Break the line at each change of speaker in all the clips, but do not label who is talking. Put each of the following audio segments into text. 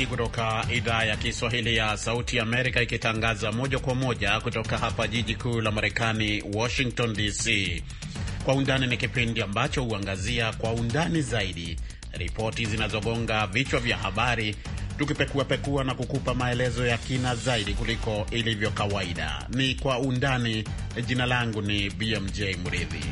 Undani kutoka idhaa ya Kiswahili ya Sauti ya Amerika, ikitangaza moja kwa moja kutoka hapa jiji kuu la Marekani, Washington DC. Kwa Undani ni kipindi ambacho huangazia kwa undani zaidi ripoti zinazogonga vichwa vya habari, tukipekuapekua na kukupa maelezo ya kina zaidi kuliko ilivyo kawaida. Ni Kwa Undani. Jina langu ni BMJ Mridhi.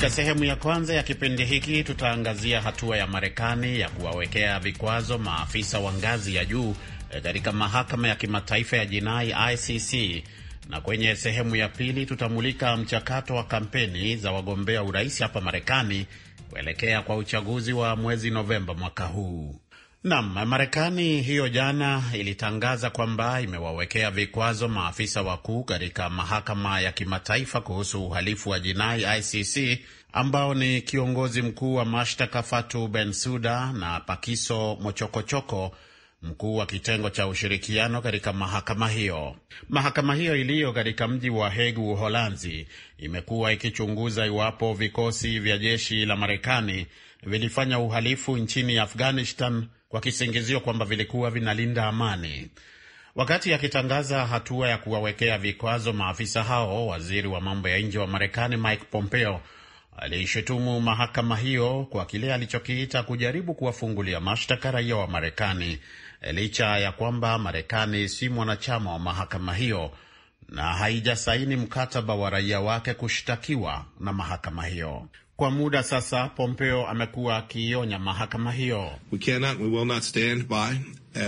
Katika sehemu ya kwanza ya kipindi hiki tutaangazia hatua ya Marekani ya kuwawekea vikwazo maafisa wa ngazi ya juu eh, katika mahakama ya kimataifa ya jinai ICC, na kwenye sehemu ya pili tutamulika mchakato wa kampeni za wagombea urais hapa Marekani kuelekea kwa uchaguzi wa mwezi Novemba mwaka huu nam Marekani hiyo jana ilitangaza kwamba imewawekea vikwazo maafisa wakuu katika mahakama ya kimataifa kuhusu uhalifu wa jinai ICC ambao ni kiongozi mkuu wa mashtaka Fatu Bensuda na Pakiso Mochokochoko mkuu wa kitengo cha ushirikiano katika mahakama hiyo. Mahakama hiyo iliyo katika mji wa Hegu, Uholanzi, imekuwa ikichunguza iwapo vikosi vya jeshi la Marekani vilifanya uhalifu nchini Afghanistan kwa kisingizio kwamba vilikuwa vinalinda amani. Wakati akitangaza hatua ya kuwawekea vikwazo maafisa hao, waziri wa mambo ya nje wa Marekani Mike Pompeo aliishutumu mahakama hiyo kwa kile alichokiita kujaribu kuwafungulia mashtaka raia wa Marekani licha ya kwamba Marekani si mwanachama wa mahakama hiyo na haijasaini mkataba wa raia wake kushtakiwa na mahakama hiyo. Kwa muda sasa, Pompeo amekuwa akiionya mahakama hiyo.
We cannot, we will not stand by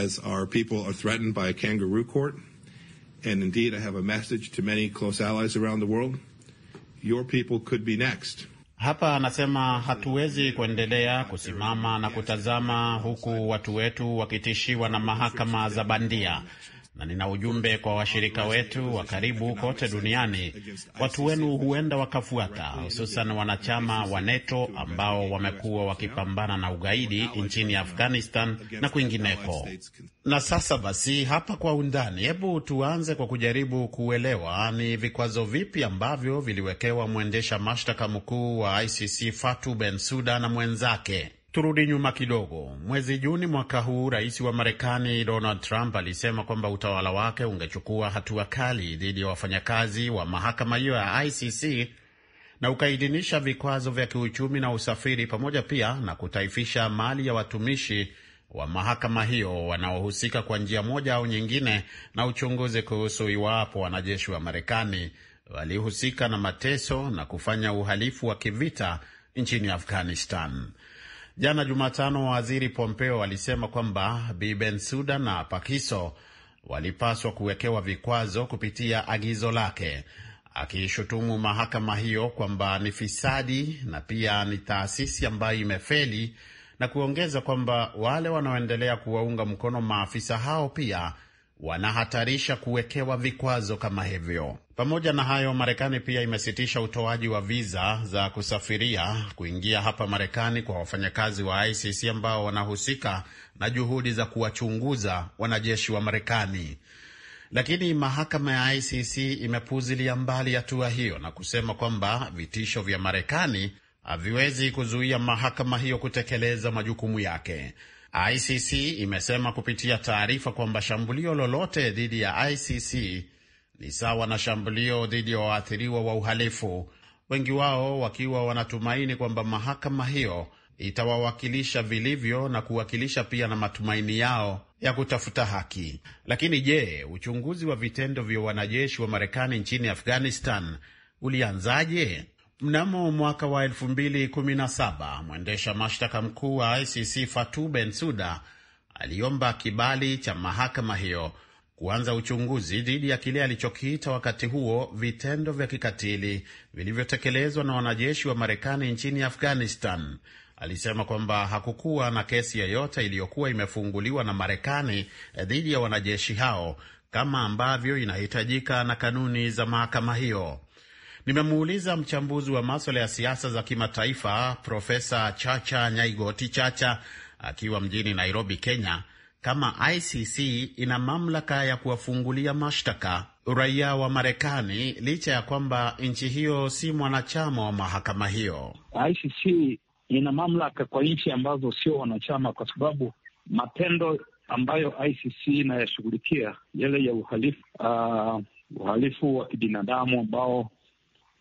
as our people are threatened by a kangaroo court. And indeed, I have a message to many close allies around the world. Your people could be next.
Hapa anasema hatuwezi kuendelea kusimama na kutazama huku watu wetu wakitishiwa na mahakama za bandia na nina ujumbe kwa washirika wetu wa karibu kote duniani. Watu wenu huenda wakafuata, hususan wanachama wa NATO ambao wamekuwa wakipambana na ugaidi nchini Afghanistan na kwingineko. Na sasa basi, hapa kwa undani, hebu tuanze kwa kujaribu kuelewa ni vikwazo vipi ambavyo viliwekewa mwendesha mashtaka mkuu wa ICC ben suda na mwenzake Turudi nyuma kidogo. Mwezi Juni mwaka huu, rais wa Marekani Donald Trump alisema kwamba utawala wake ungechukua hatua kali dhidi ya wafanyakazi wa mahakama hiyo ya ICC na ukaidhinisha vikwazo vya kiuchumi na usafiri, pamoja pia na kutaifisha mali ya watumishi wa mahakama hiyo wanaohusika kwa njia moja au nyingine na uchunguzi kuhusu iwapo wanajeshi wa Marekani walihusika na mateso na kufanya uhalifu wa kivita nchini Afghanistan. Jana Jumatano, waziri Pompeo alisema kwamba biben Bensouda na Pakiso walipaswa kuwekewa vikwazo kupitia agizo lake, akiishutumu mahakama hiyo kwamba ni fisadi na pia ni taasisi ambayo imefeli na kuongeza kwamba wale wanaoendelea kuwaunga mkono maafisa hao pia wanahatarisha kuwekewa vikwazo kama hivyo. Pamoja na hayo, Marekani pia imesitisha utoaji wa viza za kusafiria kuingia hapa Marekani kwa wafanyakazi wa ICC ambao wanahusika na juhudi za kuwachunguza wanajeshi wa Marekani. Lakini mahakama ya ICC imepuzilia mbali hatua hiyo na kusema kwamba vitisho vya Marekani haviwezi kuzuia mahakama hiyo kutekeleza majukumu yake. ICC imesema kupitia taarifa kwamba shambulio lolote dhidi ya ICC ni sawa na shambulio dhidi ya waathiriwa wa uhalifu, wengi wao wakiwa wanatumaini kwamba mahakama hiyo itawawakilisha vilivyo na kuwakilisha pia na matumaini yao ya kutafuta haki. Lakini je, uchunguzi wa vitendo vya wanajeshi wa Marekani nchini Afghanistan ulianzaje? Mnamo mwaka wa 2017 mwendesha mashtaka mkuu wa ICC Fatou Bensouda aliomba kibali cha mahakama hiyo kuanza uchunguzi dhidi ya kile alichokiita wakati huo vitendo vya kikatili vilivyotekelezwa na wanajeshi wa Marekani nchini Afghanistan. Alisema kwamba hakukuwa na kesi yoyote iliyokuwa imefunguliwa na Marekani eh, dhidi ya wanajeshi hao kama ambavyo inahitajika na kanuni za mahakama hiyo. Nimemuuliza mchambuzi wa maswala ya siasa za kimataifa Profesa Chacha Nyaigoti Chacha akiwa mjini Nairobi, Kenya, kama ICC ina mamlaka ya kuwafungulia mashtaka raia wa Marekani licha ya kwamba nchi hiyo si mwanachama wa mahakama hiyo.
ICC ina mamlaka kwa nchi ambazo sio wanachama, kwa sababu matendo ambayo ICC inayashughulikia yale ya uhalifu uh, uhalifu wa kibinadamu ambao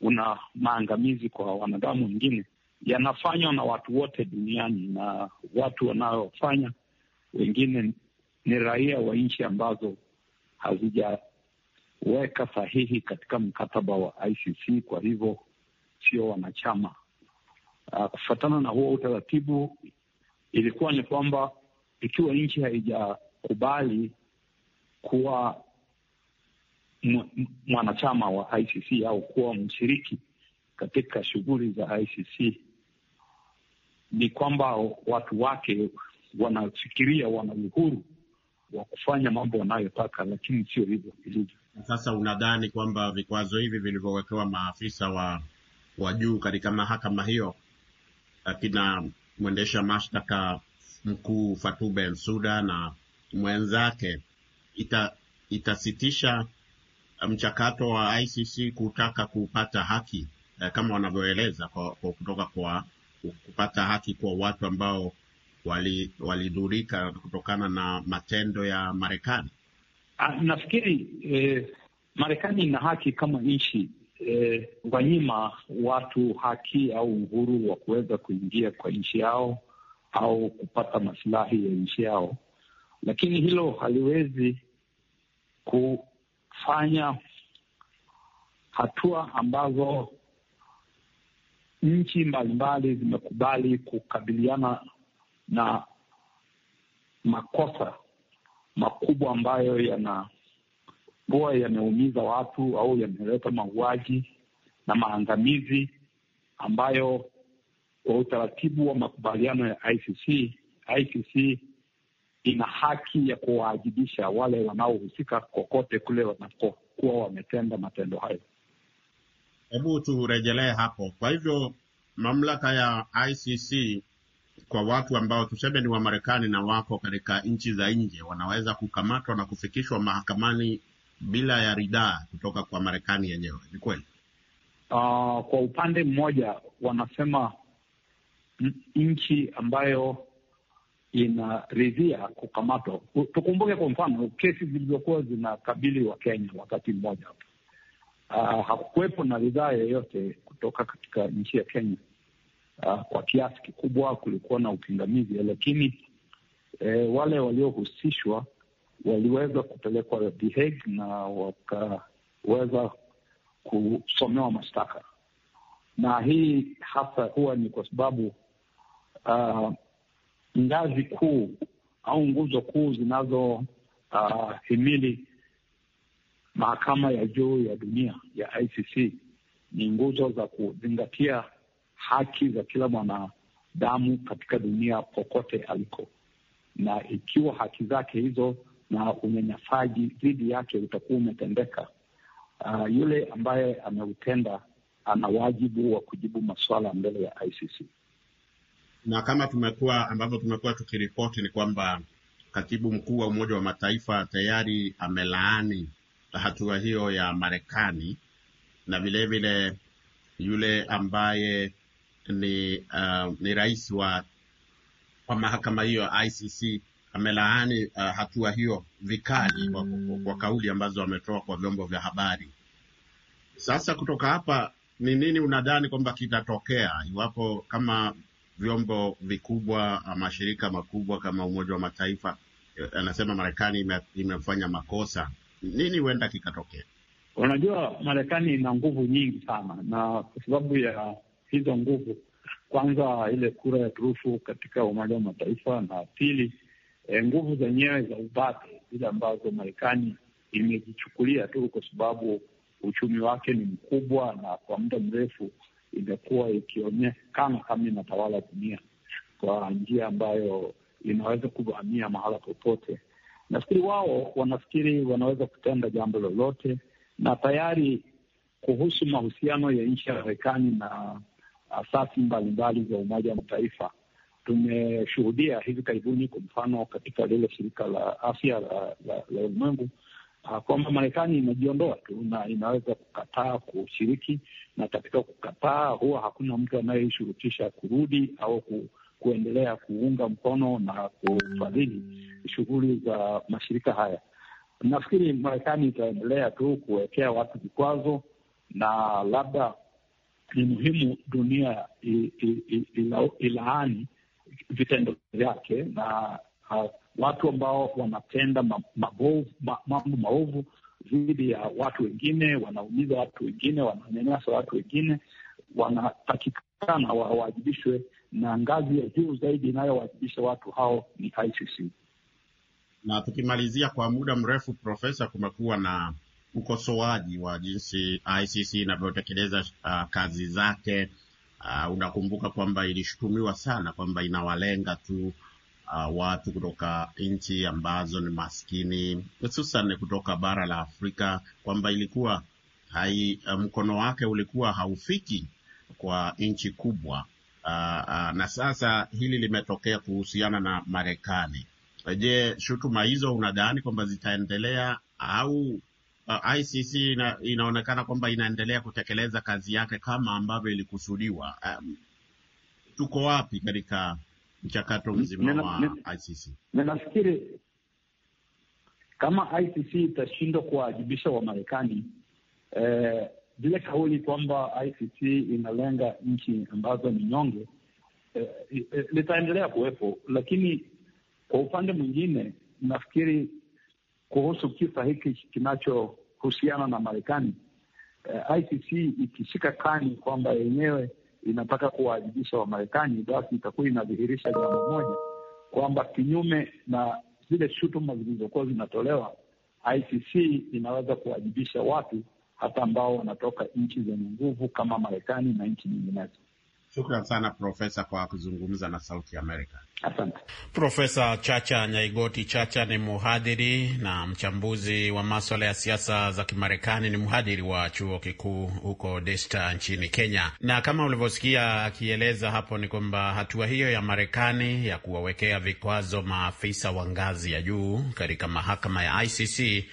una maangamizi kwa wanadamu wengine, yanafanywa na watu wote duniani, na watu wanayofanya wengine ni raia wa nchi ambazo hazijaweka sahihi katika mkataba wa ICC, kwa hivyo sio wanachama. Uh, kufuatana na huo utaratibu ilikuwa ni kwamba ikiwa nchi haijakubali kuwa mwanachama wa ICC au kuwa mshiriki katika shughuli za ICC ni kwamba watu wake wanafikiria wana uhuru wa kufanya mambo
wanayotaka, lakini sio hivyo ilivyo sasa. Unadhani kwamba vikwazo hivi vilivyowekewa maafisa wa wa juu katika mahakama hiyo akina mwendesha mashtaka mkuu Fatou Bensouda na mwenzake ita, itasitisha mchakato wa ICC kutaka kupata haki eh, kama wanavyoeleza kwa, kwa kutoka kwa kupata haki kwa watu ambao walidhurika wali kutokana na matendo ya Marekani.
Ah, nafikiri eh, Marekani ina haki kama nchi eh, wanyima watu haki au uhuru wa kuweza kuingia kwa nchi yao au kupata masilahi ya nchi yao, lakini hilo haliwezi ku kufanya hatua ambazo nchi mbalimbali zimekubali kukabiliana na makosa makubwa ambayo yanakuwa yameumiza watu au yameleta mauaji na maangamizi ambayo kwa utaratibu wa makubaliano ya ICC, ICC ina haki ya kuwaajibisha wale wanaohusika kokote kule wanapokuwa wametenda matendo hayo.
Hebu turejelee hapo. Kwa hivyo mamlaka ya ICC kwa watu ambao tuseme ni Wamarekani na wako katika nchi za nje, wanaweza kukamatwa na kufikishwa mahakamani bila ya ridhaa kutoka kwa Marekani yenyewe, ni kweli?
Uh, kwa upande mmoja wanasema nchi ambayo inaridhia kukamatwa. Tukumbuke kwa mfano kesi zilizokuwa zinakabili wa Kenya wakati mmoja hapo, uh, hakukuwepo na ridhaa yoyote kutoka katika nchi ya Kenya. Uh, kwa kiasi kikubwa kulikuwa na upingamizi, lakini eh, wale waliohusishwa waliweza kupelekwa The Hague na wakaweza kusomewa mashtaka, na hii hasa huwa ni kwa sababu uh, ngazi kuu au nguzo kuu zinazohimili ah, uh, mahakama ya juu ya dunia ya ICC ni nguzo za kuzingatia haki za kila mwanadamu katika dunia popote aliko, na ikiwa haki zake hizo na unyanyasaji dhidi yake utakuwa umetendeka, uh, yule ambaye ameutenda ana wajibu wa kujibu maswala mbele ya ICC na kama
tumekuwa ambavyo tumekuwa tukiripoti ni kwamba katibu mkuu wa Umoja wa Mataifa tayari amelaani hatua hiyo ya Marekani na vilevile vile yule ambaye ni, uh, ni rais wa, wa mahakama hiyo ICC amelaani uh, hatua hiyo vikali kwa, kwa, kwa kauli ambazo ametoa kwa vyombo vya habari. Sasa kutoka hapa ni nini unadhani kwamba kitatokea iwapo kama vyombo vikubwa, mashirika makubwa kama Umoja wa Mataifa, eh, anasema Marekani imefanya makosa,
nini huenda kikatokea? Unajua, Marekani ina nguvu nyingi sana, na kwa sababu ya hizo nguvu, kwanza ile kura ya turufu katika Umoja wa Mataifa, na pili e, nguvu zenyewe za ubabe zile ambazo Marekani imejichukulia tu kwa sababu uchumi wake ni mkubwa na kwa muda mrefu imekuwa ikionekana kama inatawala dunia kwa njia ambayo inaweza kuvamia mahala popote. Nafikiri wao wanafikiri wanaweza kutenda jambo lolote, na tayari kuhusu mahusiano ya nchi ya Marekani na asasi mbalimbali za Umoja wa Mataifa tumeshuhudia hivi karibuni, kwa mfano katika lile shirika la afya la, la, la ulimwengu Ah, kwamba Marekani imejiondoa tu na inaweza kukataa kushiriki, na katika kukataa huwa hakuna mtu anayeshurutisha kurudi au ku, kuendelea kuunga mkono na kufadhili shughuli za mashirika haya. Nafikiri Marekani itaendelea tu kuwekea watu vikwazo, na labda ni muhimu dunia ilaani vitendo vyake na ah, watu ambao wanatenda mambo maovu dhidi ya watu wengine, wanaumiza watu wengine, wananyanyasa watu wengine, wanatakikana wawajibishwe, na ngazi ya juu zaidi inayowajibisha watu hao ni ICC. Na tukimalizia, kwa muda mrefu,
Profesa, kumekuwa na ukosoaji wa jinsi ICC inavyotekeleza uh, kazi zake. Uh, unakumbuka kwamba ilishutumiwa sana kwamba inawalenga tu uh, watu kutoka nchi ambazo ni maskini hususan kutoka bara la Afrika, kwamba ilikuwa hai, eh, mkono wake ulikuwa haufiki kwa nchi kubwa uh, uh, na sasa hili limetokea kuhusiana na Marekani. Je, shutuma hizo unadhani kwamba zitaendelea au uh, ICC ina, inaonekana kwamba inaendelea kutekeleza kazi yake kama ambavyo ilikusudiwa? Um, tuko wapi katika mchakato mzima nena, wa ICC.
Nafikiri kama ICC itashindwa kuwaajibisha Wamarekani eh, vile kauli kwamba ICC inalenga nchi ambazo ni nyonge eh, eh, litaendelea kuwepo, lakini kwa upande mwingine nafikiri kuhusu kisa hiki kinachohusiana na Marekani eh, ICC ikishika kani kwamba yenyewe inataka kuwaajibisha Wamarekani, basi itakuwa inadhihirisha jambo moja kwamba kinyume na zile shutuma zilizokuwa zinatolewa, ICC inaweza kuwajibisha watu hata ambao wanatoka nchi zenye nguvu kama Marekani na nchi nyinginezo. Shukran sana Profesa kwa kuzungumza na Sauti
Amerika. Asante Profesa Chacha Nyaigoti Chacha. Ni mhadhiri na mchambuzi wa maswala ya siasa za Kimarekani, ni mhadhiri wa chuo kikuu huko Desta nchini Kenya, na kama ulivyosikia akieleza hapo ni kwamba hatua hiyo ya Marekani ya kuwawekea vikwazo maafisa wa ngazi ya juu katika mahakama ya ICC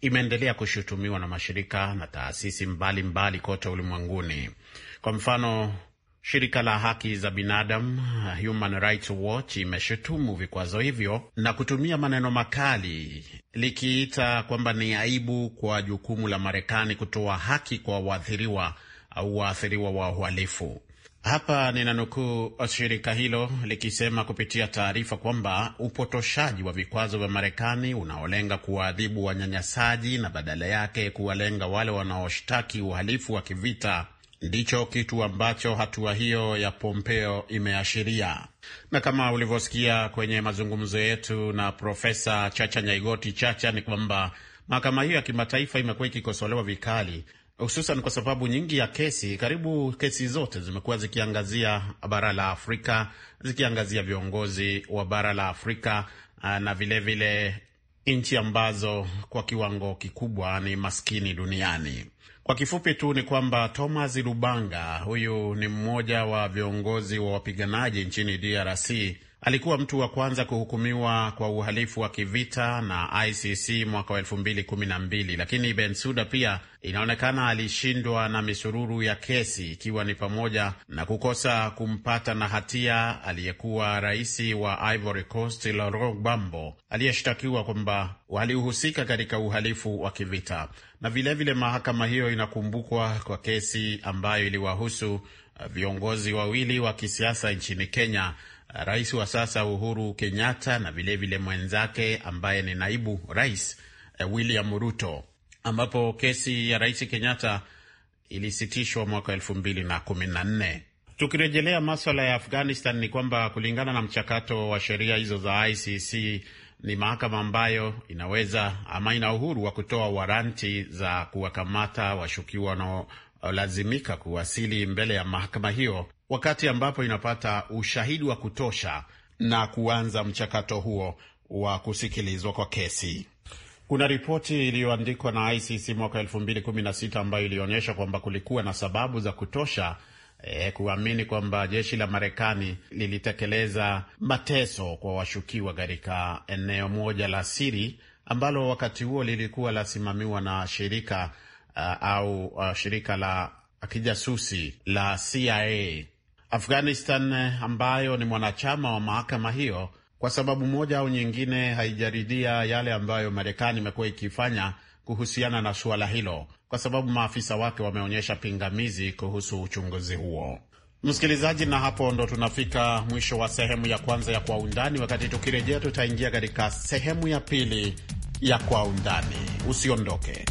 imeendelea kushutumiwa na mashirika na taasisi mbalimbali kote ulimwenguni. Kwa mfano Shirika la haki za binadamu uh, Human Rights Watch imeshutumu vikwazo hivyo na kutumia maneno makali likiita kwamba ni aibu kwa jukumu la Marekani kutoa haki kwa waathiriwa au waathiriwa wa uhalifu. Hapa ninanukuu shirika hilo likisema kupitia taarifa kwamba upotoshaji wa vikwazo vya Marekani unaolenga kuwaadhibu wanyanyasaji na badala yake kuwalenga wale wanaoshtaki uhalifu wa kivita ndicho kitu ambacho hatua hiyo ya Pompeo imeashiria. Na kama ulivyosikia kwenye mazungumzo yetu na Profesa Chacha Nyaigoti Chacha, ni kwamba mahakama hiyo ya kimataifa imekuwa ikikosolewa vikali, hususan kwa sababu nyingi ya kesi, karibu kesi zote zimekuwa zikiangazia bara la Afrika, zikiangazia viongozi wa bara la Afrika ah, na vilevile nchi ambazo kwa kiwango kikubwa ni maskini duniani. Kwa kifupi tu ni kwamba Thomas Lubanga huyu ni mmoja wa viongozi wa wapiganaji nchini DRC Alikuwa mtu wa kwanza kuhukumiwa kwa uhalifu wa kivita na ICC mwaka wa elfu mbili kumi lakini Bensuda pia inaonekana alishindwa na misururu ya kesi ikiwa ni pamoja na kukosa kumpata na hatia aliyekuwa rais wa Ivory Coast Laurent Gbagbo aliyeshtakiwa kwamba walihusika katika uhalifu wa kivita. Na vilevile vile mahakama hiyo inakumbukwa kwa kesi ambayo iliwahusu viongozi wawili wa kisiasa nchini Kenya rais wa sasa Uhuru Kenyatta na vilevile mwenzake ambaye ni naibu rais eh, William Ruto, ambapo kesi ya rais Kenyatta ilisitishwa mwaka elfu mbili na kumi na nne. Tukirejelea maswala ya Afghanistan ni kwamba kulingana na mchakato wa sheria hizo za ICC ni mahakama ambayo inaweza ama ina uhuru wa kutoa waranti za kuwakamata washukiwa wanaolazimika kuwasili mbele ya mahakama hiyo wakati ambapo inapata ushahidi wa kutosha na kuanza mchakato huo wa kusikilizwa kwa kesi. Kuna ripoti iliyoandikwa na ICC mwaka 2016 ambayo ilionyesha kwamba kulikuwa na sababu za kutosha E, kuamini kwamba jeshi la Marekani lilitekeleza mateso kwa washukiwa katika eneo moja la siri ambalo wakati huo lilikuwa lasimamiwa na shirika uh, au uh, shirika la kijasusi la CIA Afghanistan eh, ambayo ni mwanachama wa mahakama hiyo kwa sababu moja au nyingine haijaridhia yale ambayo Marekani imekuwa ikifanya kuhusiana na suala hilo, kwa sababu maafisa wake wameonyesha pingamizi kuhusu uchunguzi huo. Msikilizaji, na hapo ndo tunafika mwisho wa sehemu ya kwanza ya Kwa Undani. Wakati tukirejea, tutaingia katika sehemu ya pili ya Kwa Undani. Usiondoke.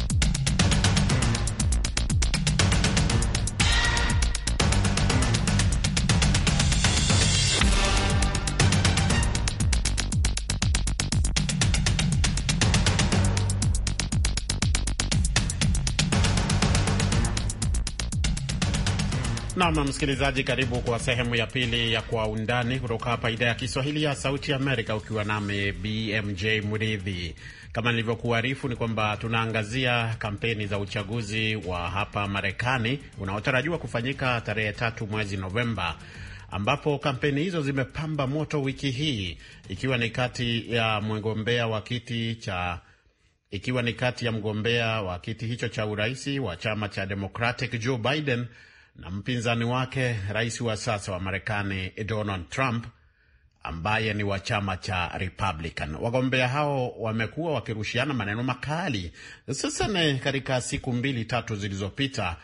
Nam msikilizaji, karibu kwa sehemu ya pili ya Kwa Undani kutoka hapa idhaa ya Kiswahili ya Sauti Amerika, ukiwa nami BMJ Mridhi. Kama nilivyokuarifu, ni kwamba tunaangazia kampeni za uchaguzi wa hapa Marekani unaotarajiwa kufanyika tarehe tatu mwezi Novemba, ambapo kampeni hizo zimepamba moto wiki hii, ikiwa ni kati ya mgombea wa kiti cha ikiwa ni kati ya mgombea wa kiti hicho cha uraisi wa chama cha Democratic Joe Biden na mpinzani wake rais wa sasa wa Marekani Donald Trump ambaye ni wa chama cha Republican. Wagombea hao wamekuwa wakirushiana maneno makali sasa ni katika siku mbili tatu zilizopita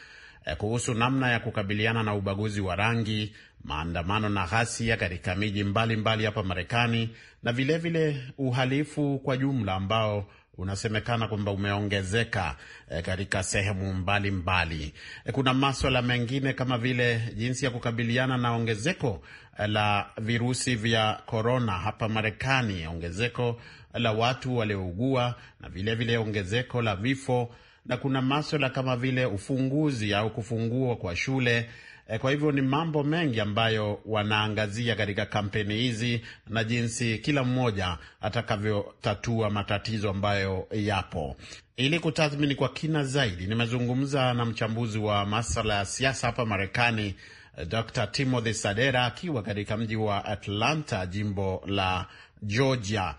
eh, kuhusu namna ya kukabiliana na ubaguzi wa rangi, maandamano na ghasia katika miji mbalimbali hapa Marekani na vilevile vile uhalifu kwa jumla ambao unasemekana kwamba umeongezeka e, katika sehemu mbalimbali mbali. Eh, e, kuna maswala mengine kama vile jinsi ya kukabiliana na ongezeko eh, la virusi vya korona hapa Marekani, ongezeko la watu waliougua na vilevile vile ongezeko la vifo, na kuna maswala kama vile ufunguzi au kufungua kwa shule Eh, kwa hivyo ni mambo mengi ambayo wanaangazia katika kampeni hizi na jinsi kila mmoja atakavyotatua matatizo ambayo yapo. Ili kutathmini kwa kina zaidi, nimezungumza na mchambuzi wa masuala ya siasa hapa Marekani, eh, Dr Timothy Sadera akiwa katika mji wa Atlanta, jimbo la Georgia,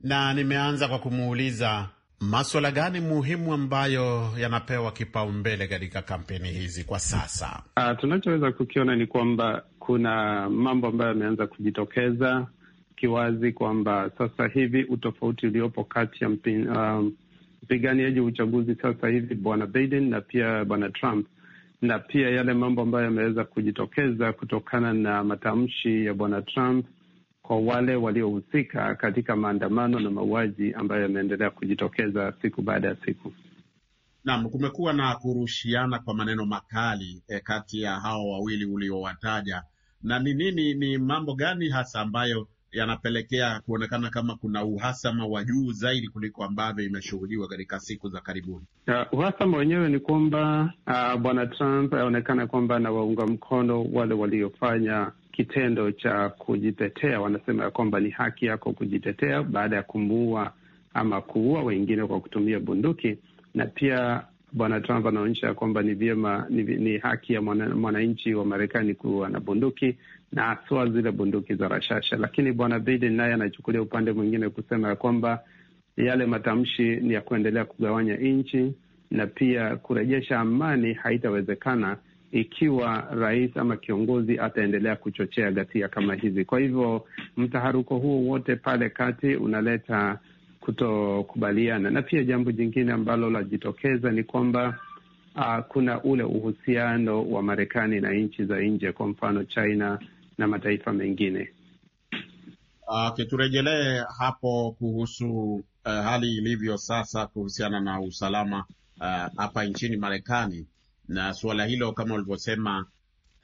na nimeanza kwa kumuuliza maswala gani muhimu ambayo yanapewa kipaumbele katika kampeni hizi kwa sasa?
Uh, tunachoweza kukiona ni kwamba kuna mambo ambayo yameanza kujitokeza kiwazi kwamba sasa hivi utofauti uliopo kati ya ah, mpiganiaji wa uchaguzi sasa hivi bwana Biden na pia bwana Trump na pia yale mambo ambayo yameweza kujitokeza kutokana na matamshi ya bwana Trump kwa wale waliohusika katika maandamano na mauaji ambayo yameendelea kujitokeza siku baada ya siku.
Naam, kumekuwa na kurushiana kwa maneno makali eh, kati ya hao wawili uliowataja, na ni nini, ni mambo gani hasa ambayo yanapelekea kuonekana kama kuna uhasama wa juu zaidi kuliko ambavyo imeshuhudiwa katika siku za karibuni.
Uh, uhasama wenyewe ni kwamba uh, bwana Trump aonekana kwamba anawaunga mkono wale waliofanya kitendo cha kujitetea. Wanasema ya kwamba ni haki yako kujitetea baada ya kumuua ama kuua wengine kwa kutumia bunduki, na pia Bwana Trump anaonyesha kwamba ni vyema, ni, ni haki ya mwananchi wa Marekani kuwa na bunduki na haswa zile bunduki za rashasha. Lakini Bwana Biden naye anachukulia upande mwingine kusema ya kwamba yale matamshi ni ya kuendelea kugawanya nchi na pia kurejesha amani haitawezekana ikiwa rais ama kiongozi ataendelea kuchochea ghasia kama hizi. Kwa hivyo mtaharuko huo wote pale kati unaleta kutokubaliana, na pia jambo jingine ambalo lajitokeza ni kwamba uh, kuna ule uhusiano wa Marekani na nchi za nje, kwa mfano China na mataifa mengine.
Ah, okay, turejelee hapo kuhusu uh, hali ilivyo sasa kuhusiana na usalama ah, hapa uh, nchini Marekani na suala hilo kama ulivyosema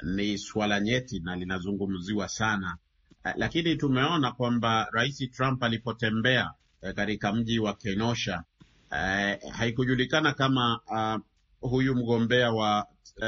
ni suala nyeti na linazungumziwa sana, eh, lakini tumeona kwamba Rais Trump alipotembea eh, katika mji wa Kenosha eh, haikujulikana kama uh, huyu mgombea wa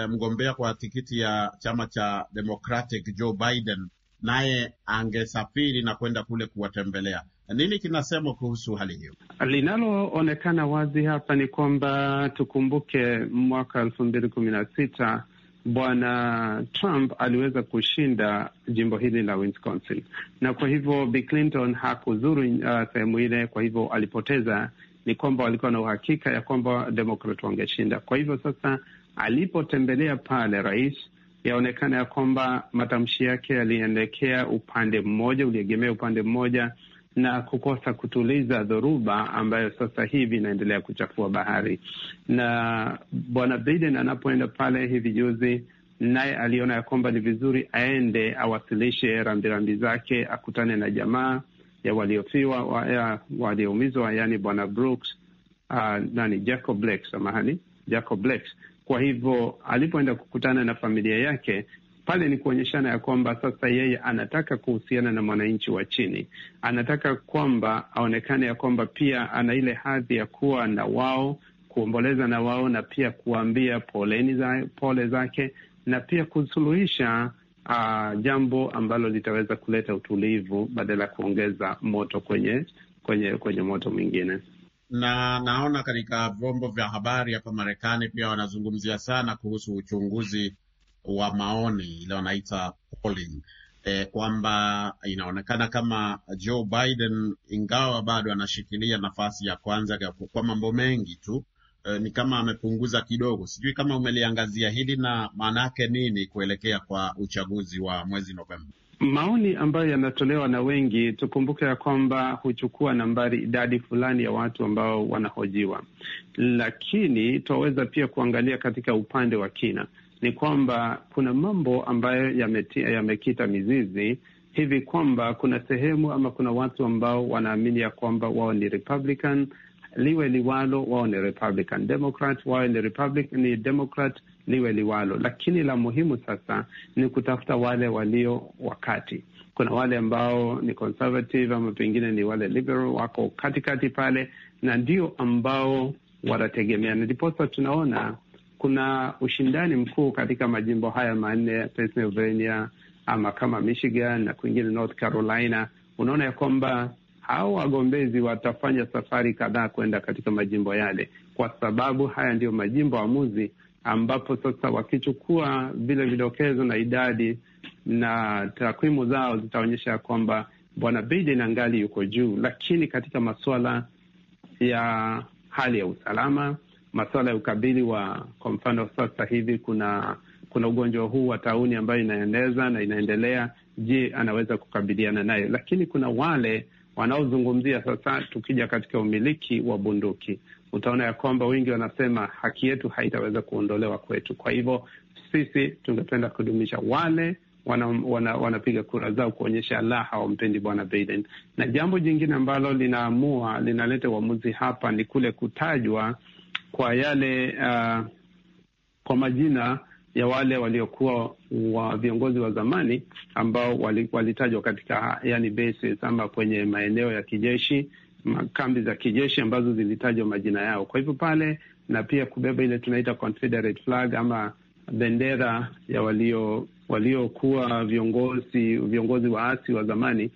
mgombea kwa tikiti ya chama cha Democratic Joe Biden naye angesafiri na kwenda kule kuwatembelea. Nini kinasemwa kuhusu hali hiyo? Linaloonekana
wazi hapa ni kwamba tukumbuke, mwaka elfu mbili kumi na sita Bwana Trump aliweza kushinda jimbo hili la Wisconsin, na kwa hivyo Bi Clinton hakuzuru uh, sehemu ile, kwa hivyo alipoteza. Ni kwamba walikuwa na uhakika ya kwamba Demokrat wangeshinda. Kwa hivyo sasa, alipotembelea pale rais, yaonekana ya kwamba matamshi yake yalielekea upande mmoja, uliegemea upande mmoja na kukosa kutuliza dhoruba ambayo sasa hivi inaendelea kuchafua bahari. Na bwana Biden anapoenda pale hivi juzi, naye aliona ya kwamba ni vizuri aende awasilishe rambirambi zake, akutane na jamaa ya waliofiwa wa, walioumizwa, yani bwana Brooks uh, nani Jacob Blake, samahani Jacob Blake. Kwa hivyo alipoenda kukutana na familia yake pale ni kuonyeshana ya kwamba sasa yeye anataka kuhusiana na mwananchi wa chini, anataka kwamba aonekane ya kwamba pia ana ile hadhi ya kuwa na wao, kuomboleza na wao, na pia kuambia poleni za, pole zake na pia kusuluhisha uh, jambo ambalo litaweza kuleta utulivu badala ya kuongeza moto kwenye kwenye kwenye moto mwingine.
Na naona katika vyombo vya habari hapa Marekani pia wanazungumzia sana kuhusu uchunguzi wa maoni ile wanaita polling eh, kwamba inaonekana kama Joe Biden ingawa bado anashikilia nafasi ya kwanza kwa mambo mengi tu eh, ni kama amepunguza kidogo. Sijui kama umeliangazia hili na maana yake nini kuelekea kwa uchaguzi wa mwezi Novemba.
Maoni ambayo yanatolewa na wengi, tukumbuke ya kwamba huchukua nambari idadi fulani ya watu ambao wanahojiwa, lakini twaweza pia kuangalia katika upande wa kina ni kwamba kuna mambo ambayo yamekita ya mizizi hivi kwamba kuna sehemu ama kuna watu ambao wanaamini ya kwamba wao ni Republican, liwe liwalo, wao ni Republican. Democrat, wao ni Republican, ni Democrat, liwe liwalo. Lakini la muhimu sasa ni kutafuta wale walio wakati. Kuna wale ambao ni conservative ama pengine ni wale liberal, wako katikati pale, na ndio ambao wanategemea, na ndiposa tunaona kuna ushindani mkuu katika majimbo haya manne Pennsylvania, ama kama Michigan na kwingine North Carolina. Unaona ya kwamba hao wagombezi watafanya safari kadhaa kwenda katika majimbo yale, kwa sababu haya ndiyo majimbo amuzi ambapo sasa wakichukua vile vidokezo na idadi na takwimu zao zitaonyesha ya kwamba bwana Biden angali yuko juu, lakini katika masuala ya hali ya usalama, masuala ya ukabili wa, kwa mfano sasa hivi kuna kuna ugonjwa huu wa tauni ambayo inaeneza na inaendelea. Je, anaweza kukabiliana naye? Lakini kuna wale wanaozungumzia sasa, tukija katika umiliki wa bunduki, utaona ya kwamba wengi wanasema haki yetu haitaweza kuondolewa kwetu. Kwa hivyo sisi tungependa kudumisha wale wanapiga wana, wana kura zao kuonyesha la hawampendi bwana Biden. Na jambo jingine ambalo linaamua linaleta uamuzi hapa ni kule kutajwa kwa yale uh, kwa majina ya wale waliokuwa wa viongozi wa zamani ambao walitajwa wali katika yani bases ama kwenye maeneo ya kijeshi, kambi za kijeshi ambazo zilitajwa majina yao. Kwa hivyo pale, na pia kubeba ile tunaita Confederate flag ama bendera ya walio waliokuwa viongozi viongozi waasi wa zamani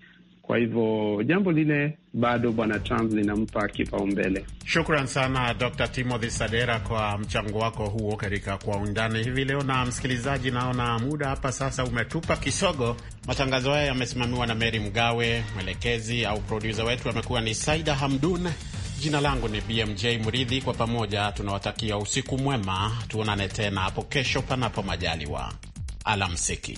kwa hivyo jambo lile bado bwana Trump linampa kipaumbele.
Shukran sana Dr Timothy Sadera kwa mchango wako huo katika Kwa Undani hivi leo. Na msikilizaji, naona muda hapa sasa umetupa kisogo. Matangazo haya yamesimamiwa na Meri Mgawe, mwelekezi au produsa wetu amekuwa ni Saida Hamdun. Jina langu ni BMJ Mridhi. Kwa pamoja tunawatakia usiku mwema, tuonane tena hapo kesho, panapo majaliwa. Alamsiki.